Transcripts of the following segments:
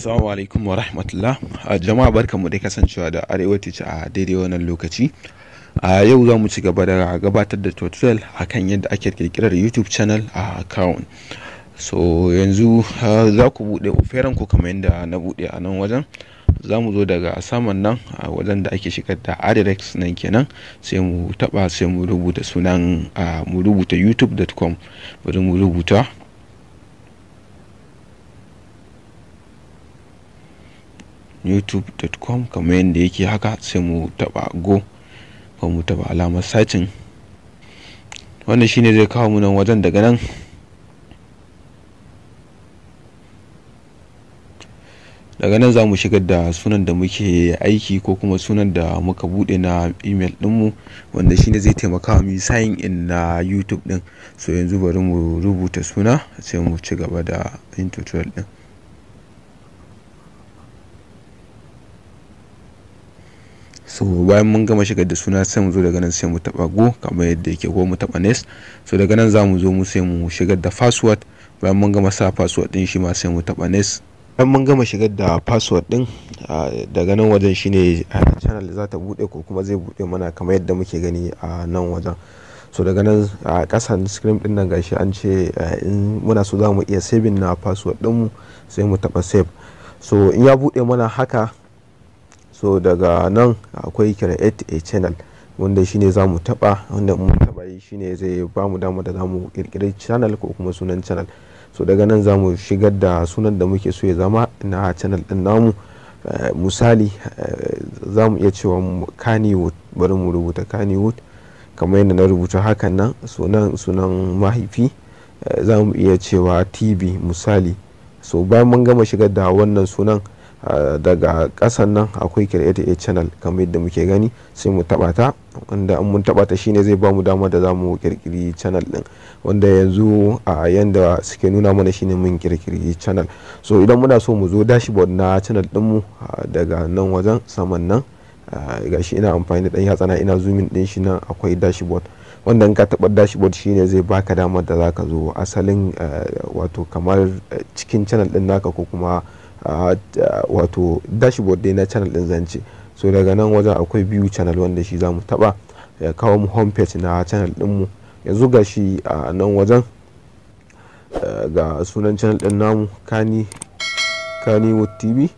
Assalamu alaikum wa rahmatullah. A jama'a barkanmu dai kasancewa da arewaci a daidai wannan lokaci. A yau za mu ci gaba da gabatar da tutorial kan yadda ake kirkirar YouTube channel a account. So yanzu za ku buɗe oferan ku kamar yadda na buɗe a nan wajen. Za mu zo daga saman nan a wajen da ake shigar da Adirex nan kenan sai mu taɓa sai mu rubuta sunan mu rubuta youtube.com bari mu rubuta youtube.com kamar yadda yake haka sai mu taba go ko mu taba alamar sacin wannan shine zai kawo mu nan wajen daga nan daga nan za mu shigar da sunan da muke aiki ko kuma sunan da muka bude na email dinmu wanda shine zai taimaka mu sign in na youtube din so yanzu bari mu rubuta suna sai mu ci gaba da yin din so bayan mun gama shigar da suna sai mu zo daga nan sai mu taba go kamar yadda yake ko mu taba nes so daga nan za mu zo mu sai mu shigar da password bayan mun gama sa password din shi ma sai mu taba nes. bayan mun gama shigar da password din daga nan wajen shine channel za ta bude ko kuma zai bude mana kamar yadda muke gani a nan wajen so daga nan a kasan screen din nan gashi an ce in muna so za mu iya saving na password din mu sai mu taba save so in ya bude mana haka so daga nan akwai create a channel wanda shine za mu taba wanda mu taba yi shine zai ba mu dama da zamu kirkiri channel ko kuma sunan channel so daga nan zamu mu shigar da sunan da muke so ya zama na channel din namu eh, misali eh, za iya cewa kaniwood bari mu rubuta kaniwood kamar yadda na rubuta hakan nan sunan sunan mahaifi eh, za iya cewa tv misali so bayan mun gama shigar da wannan sunan daga kasan nan akwai create a channel kamar yadda muke gani sai mu taba ta wanda an mun taba ta shine zai bamu dama da zamu kirkiri channel din wanda yanzu a yanda suke nuna mana shine mun kirkiri channel so idan muna so mu zo dashboard na channel din mu daga nan wajen saman nan gashi ina amfani da dan yatsa na ina zooming din shi nan akwai dashboard wanda in ka taba dashboard shine zai baka damar da zaka zo asalin wato kamar eh, cikin channel din naka ko kuma wato dashboard dai na channel din zance so daga nan wajen akwai biyu channel wanda shi za mu taba ya kawo mu homepage na channel din mu yanzu ga shi a nan wajen ga sunan channel din namu kani kani tv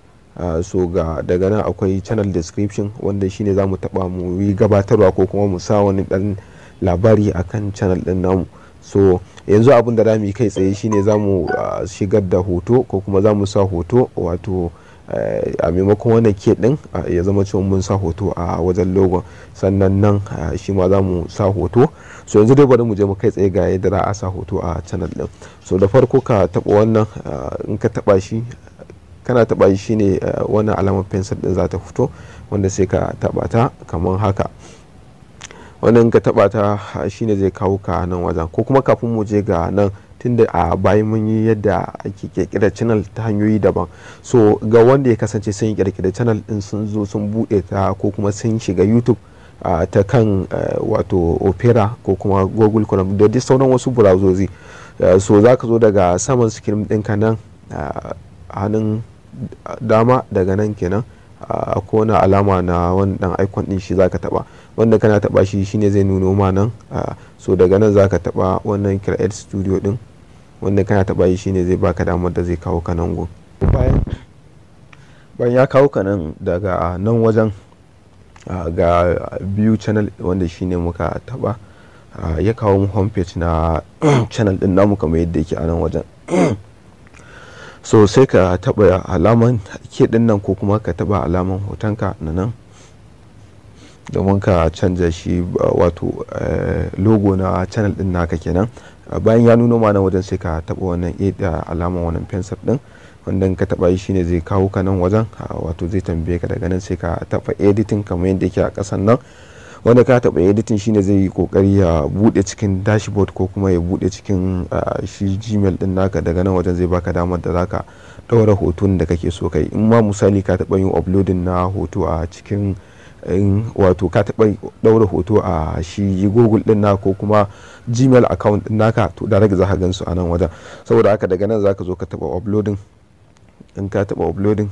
so ga daga nan akwai channel description wanda shine za mu taba mu yi gabatarwa ko kuma mu sa wani dan labari akan channel din namu so yanzu abin da rami kai tsaye shine za mu ah, shigar da hoto ko kuma za mu sa hoto wato eh, a maimakon wannan ke din ya zama cewa mun sa hoto a wajen logo sannan nan shi ma za mu sa hoto so yanzu dai bari mu je mu kai tsaye ga yadda a sa hoto a channel ɗin so da farko ka taba wannan in ka taba shi kana taba shi shine eh, wannan alamar pencil din za ta fito wanda sai ka taba ta kamar haka wannan ka taba ta ah, shine zai kawo ka nan wajen ko kuma kafin mu je ga nan tunda a bayan mun yi yadda ake kirkira channel ta hanyoyi daban so ga wanda ya kasance sun yi kirkira channel din sun zo sun bude ta ko kuma sun shiga youtube Uh, ta kan eh, wato opera ko kuma google chrome da duk sauran wasu burazozi uh, eh, so za ka zo daga saman screen ɗinka nan ah, hannun dama daga nan kenan a kona alama na wannan dan aikon din shi zaka taba wanda kana taba shi shine zai nuno ma nan so daga nan zaka taba wannan create studio din wanda kana taba shi shine zai baka damar da zai kawo ka nan go bayan bayan ya kawo ka nan daga nan wajen ga biyu channel wanda shine muka taba ya kawo mu homepage na channel din namu kamar yadda yake a nan wajen so sai ka taba alaman ke nan ko kuma ka taba alaman hotonka na nan domin ka canza shi wato eh, logo na channel din naka kenan bayan ya nuno mana wajen sai ka taba wannan eh, alaman wannan fensir din wanda ka taba shi ne zai kawo ka nan wajen wato zai tambaye ka daga nan sai ka taba editing kamar yadda yake a kasan nan wanda ka taɓa editing shine zai yi kokari ya bude cikin dashboard ko kuma ya bude cikin shi gmail din naka daga nan wajen zai baka damar da zaka ɗaura hoton da kake so kai in ma misali ka taɓa yin uploading na hoto a cikin wato ka taɓa ɗaura hoto a shi google ɗin na ko kuma gmail account ɗin naka to da rage za ka gan su a nan wajen saboda haka daga nan zaka zo ka taɓa uploading in ka taɓa uploading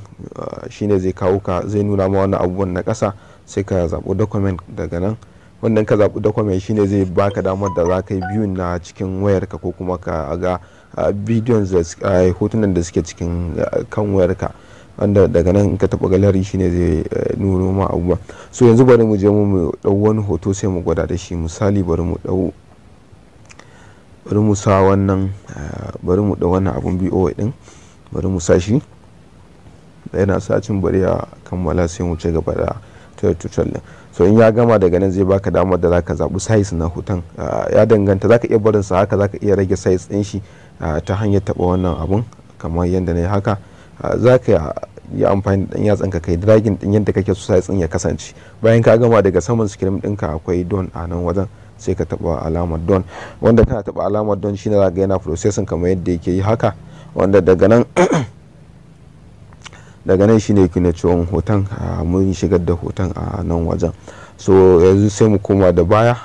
shine zai kawo ka zai nuna ma wannan abubuwan na ƙasa sai ka zaɓi document daga nan wannan ka zaɓi document shine zai baka damar da za ka yi biyun na cikin wayarka ko kuma ka ga bidiyon hotunan da suke cikin kan wayarka wanda daga nan ka taɓa galari shine zai nuno ma abubuwa so yanzu bari mu je mu ɗau wani hoto sai mu gwada da shi misali bari mu ɗau bari mu sa wannan bari mu ɗau wannan abun BO din bari mu sa shi yana cin bari a kammala sai mu ci gaba da ne so in ya gama daga nan zai baka damar da zaka zaɓi size na hutan ah, ya danganta zaka iya barin sa haka zaka iya rage size din shi ah, ta hanyar taɓa wannan abun kamar yadda na haka ah, zaka yi amfani da yatsan ka kai dragging din yadda kake so size din ya kasance bayan ka gama daga saman screen ka akwai don a nan wajen sai ka taba alamar don wanda kana taɓa alamar don shine zaka yana processing kamar yadda yake yi haka wanda daga nan daga nan shine kuna ciwon hoton mun shigar da hoton a nan wajen so yanzu sai mu koma da baya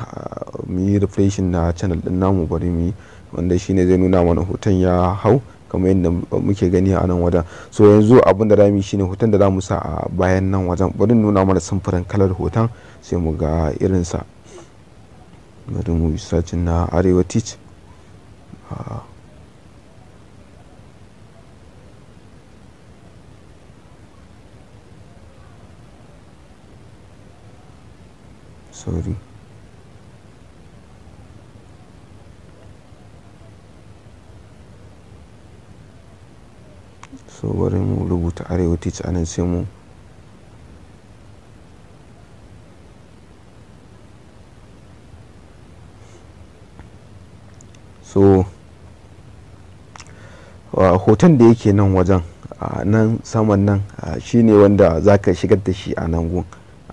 mu yi refreshing na channel din namu bari mu yi wanda shine zai nuna mana hoton ya hau kamar yadda muke gani a nan wajen so yanzu abin da rami shine hoton da zamu sa a bayan nan wajen bari nuna mana samfuran kalar hoton sai mu ga irinsa bari mu yi na arewa teach sauri so bari mu rubuta arewa teach anan sai mu so hoton da yake nan wajen a nan saman nan shine wanda za ka shigar da shi a nan gun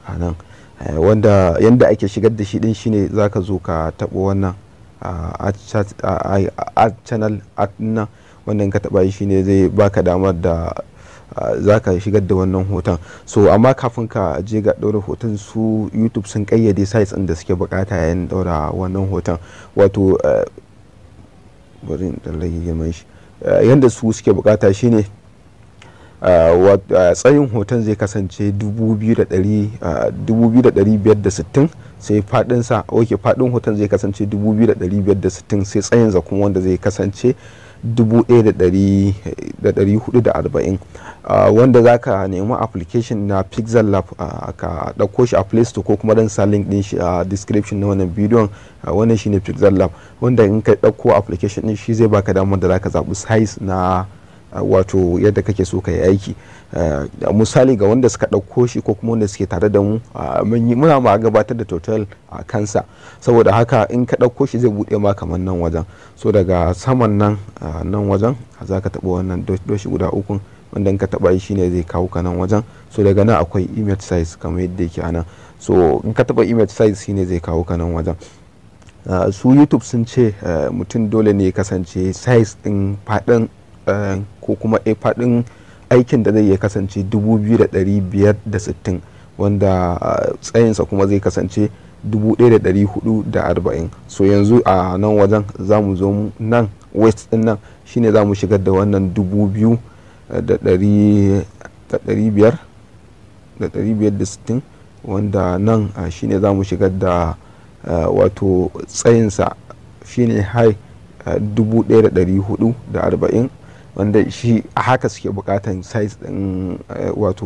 a nan Eh, wanda yanda ake shigar da shi din shine zaka zo ka tabo wannan a channel nan wannan ka taba shi ne zai baka damar da zaka shigar da wannan hoton so amma kafin ka je ga daura hoton su youtube sun kayyade sites ɗin da suke bukata yayin daura wannan hoton wato eh, bari in eh, yanda su suke bukata shine Uh, uh, tsayin hoton zai kasance 2560 uh, sai sa. oke fadin hoton zai kasance 2560 sai tsayin kuma wanda zai kasance 1440 wanda za ka nemi application na pixel lab ka ɗauko shi a play store ko kuma dan sa link din shi a description na wannan bidiyon wannan ne pixel lab wanda in ka ɗauko application din shi zai baka damar da za ka zaɓi size na wato yadda kake so ka yi aiki misali ga wanda suka ɗauko shi ko kuma wanda suke tare da mu muna ma gabatar da total a kansa saboda haka in ka ɗauko shi zai buɗe ma kamar nan wajen so daga saman nan nan wajen za ka taɓa wannan doshi guda ukun wanda in ka taɓa shi ne zai kawo ka nan wajen so daga nan akwai image size kamar yadda yake anan so in ka taba image size shi ne zai kawo ka nan wajen su youtube sun ce mutum dole ne kasance size ɗin faɗin Eh, ko kuma a eh, faɗin aikin da zai ya kasance 2560 wanda eh, tsayinsa kuma zai kasance 1440 so yanzu a nan wajen za mu zo nan west din nan shine za mu shigar da wannan 2500 wanda nan shine za mu shigar da wato tsayinsa shine high 1440 wanda shi a haka suke bukatan size din eh, wato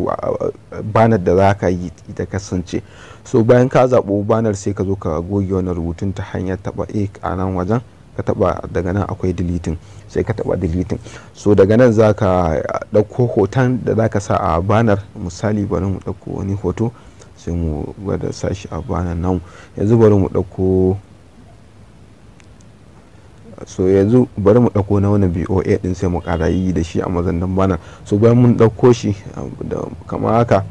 banar da za ka yi ta kasance so bayan ka zaɓo banar sai ka zo ka goge wani rubutun ta hanyar taɓa a a nan wajen ka taɓa daga nan akwai dilitin sai ka taɓa dilitin so daga nan za ka eh, ɗauko hoton da za ka sa a banar misali bari mu ɗauko wani hoto sai mu gwada sashi a banar nan yanzu bari mu ɗauko so yanzu bari mu dauko na wani boa din sai mu kara yi da shi a mazandan bana so bayan mun dauko shi kamar haka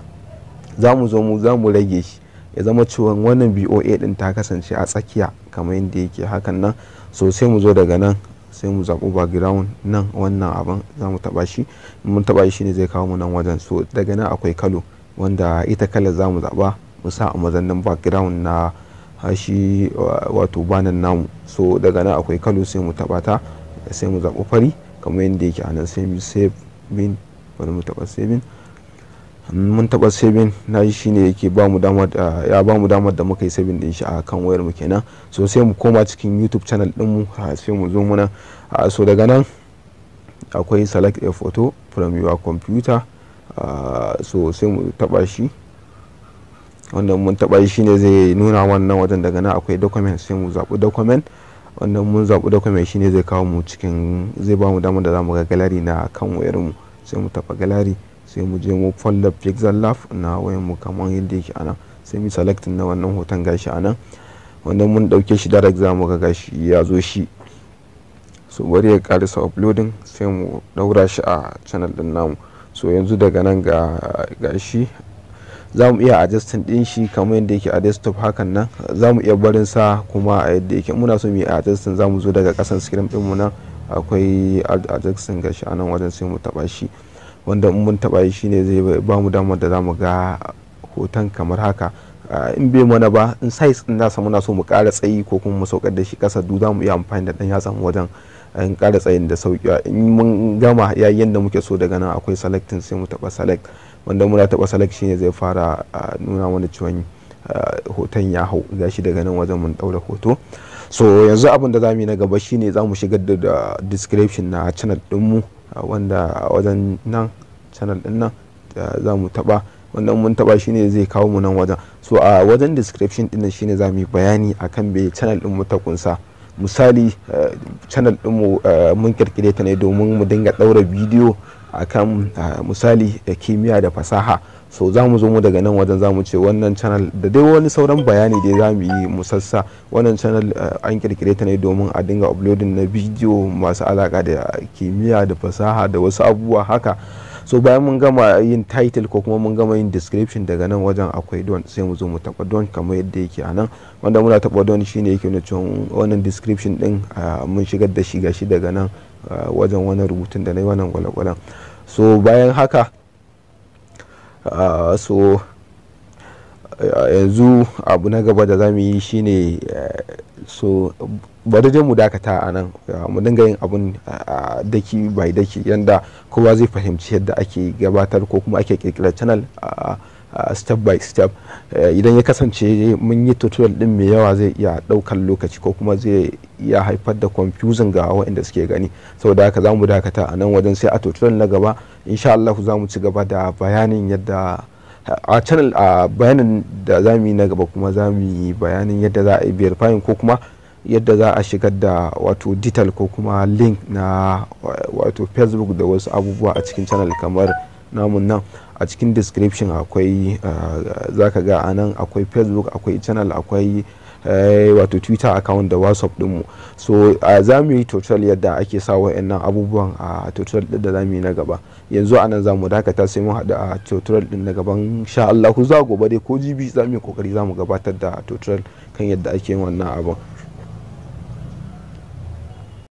za mu zo mu za mu rage shi ya zama cewa wannan boa din ta kasance a tsakiya kamar yadda yake hakan nan so sai mu zo daga nan sai mu zaɓi background nan wannan abin za mu taɓa shi mun taɓa shi ne zai kawo mu nan wajen so daga nan akwai kalo wanda ita kalar za mu zaɓa mu sa a mazannin background na shi wato banan namu so daga nan akwai kalo sai mu taba ta sai mu zaɓi fari kamar yadda yake a nan sai mu saving bari mu taba saving mun taba saving na shi shine yake ba mu damar ya ba mu damar da muka yi saving din shi a kan wayar mu kenan so sai mu koma cikin youtube channel din mu sai mu zo muna so daga nan akwai select a photo from your computer so sai mu taba shi wanda mun taba yi ne zai nuna wannan wajen daga nan akwai document sai mu zaɓi document wanda mun zaɓi document ne zai kawo mu cikin zai ba mu damar da za mu ga galari na kan wayar mu sai mu tafa galari sai mu je mu folder pixel lab na wayar mu kamar yadda yake anan sai mu select na wannan hoton gashi a nan wanda mun ɗauke shi direct mu ga gashi ya zo shi so bari ya karisa uploading sai mu daura shi a channel din namu so yanzu daga nan ga gashi za mu iya adjustin din shi kamar yadda yake a desktop hakan nan za mu iya barin sa kuma a yadda yake muna so mu yi adjustin za mu zo daga kasan screen din mu nan akwai adjustin gashi a nan wajen sai mu taba shi wanda in mun taba shi ne zai ba mu damar da za mu ga hoton kamar haka in bai mana ba in size din nasa muna so mu kara tsayi ko kuma mu saukar da shi kasa du za mu iya amfani da dan yatsan wajen in kara tsayin da sauki in mun gama yayin da muke so daga nan akwai selecting sai mu taba select wanda muna taba salak shine zai fara nuna wani ciwon hoton ya hau Za shi daga nan wajen mun ɗaura hoto so yanzu abin da zamu yi na gaba shine zamu shigar da description na channel mu. wanda wajen nan channel din nan za mu taɓa mun taba shine zai kawo mu nan wajen so a wajen description din shine zamu yi bayani akan bai channel din mu ta kunsa misali uh, channel din mu mun kirkire ta ne domin mu dinga daura bidiyo akan misali kimiyya da fasaha so za mu zo mu daga nan wajen za mu ce wannan channel da dai wani sauran bayani dai za mu yi musassa wannan channel an kirkire ta ne domin a dinga uploading na bidiyo masu alaka da kimiyya da fasaha da wasu abubuwa haka so bayan mun gama yin title ko kuma mun gama yin description daga nan wajen akwai don sai mu zo mu taba don kamar yadda yake a nan wanda muna taba don shine yake nuna cewa wannan description din mun shigar da shi gashi daga nan Uh, wajen wani rubutun da na yi wannan gwalagwalan so bayan haka uh, so uh, yanzu abu na gaba da za mu yi shine so bari je mu dakata a nan mu dinga yin abun daki bai daki yadda kowa zai fahimci yadda ake gabatar ko kuma ake kirkirar channel a step by step eh, idan ya kasance mun yi tutorial din mai yawa zai iya daukan lokaci ko kuma zai iya haifar da confusion ga waɗanda suke gani saboda haka za mu dakata a nan wajen sai a tutorial na gaba insha Allah za mu ci gaba da bayanin yadda a channel a bayanin da za mu yi na gaba kuma za mu yi bayanin yadda za a yi verifying ko kuma yadda za a shigar da wato detail ko kuma link na wato facebook da wasu abubuwa a cikin channel kamar namun nan a cikin description akwai ah, zaka ga anan akwai facebook akwai channel akwai eh, wato twitter account da whatsapp dinmu so ah, za mu yi total yadda ake sa wa'annan abubuwan a total din da za mu yi na gaba yanzu anan za mu dakata sai mun haɗu a total din na gaban sha Allahu za gobe dai ko jibi za mu yi kokari za mu gabatar da total kan yadda ake yin wannan abun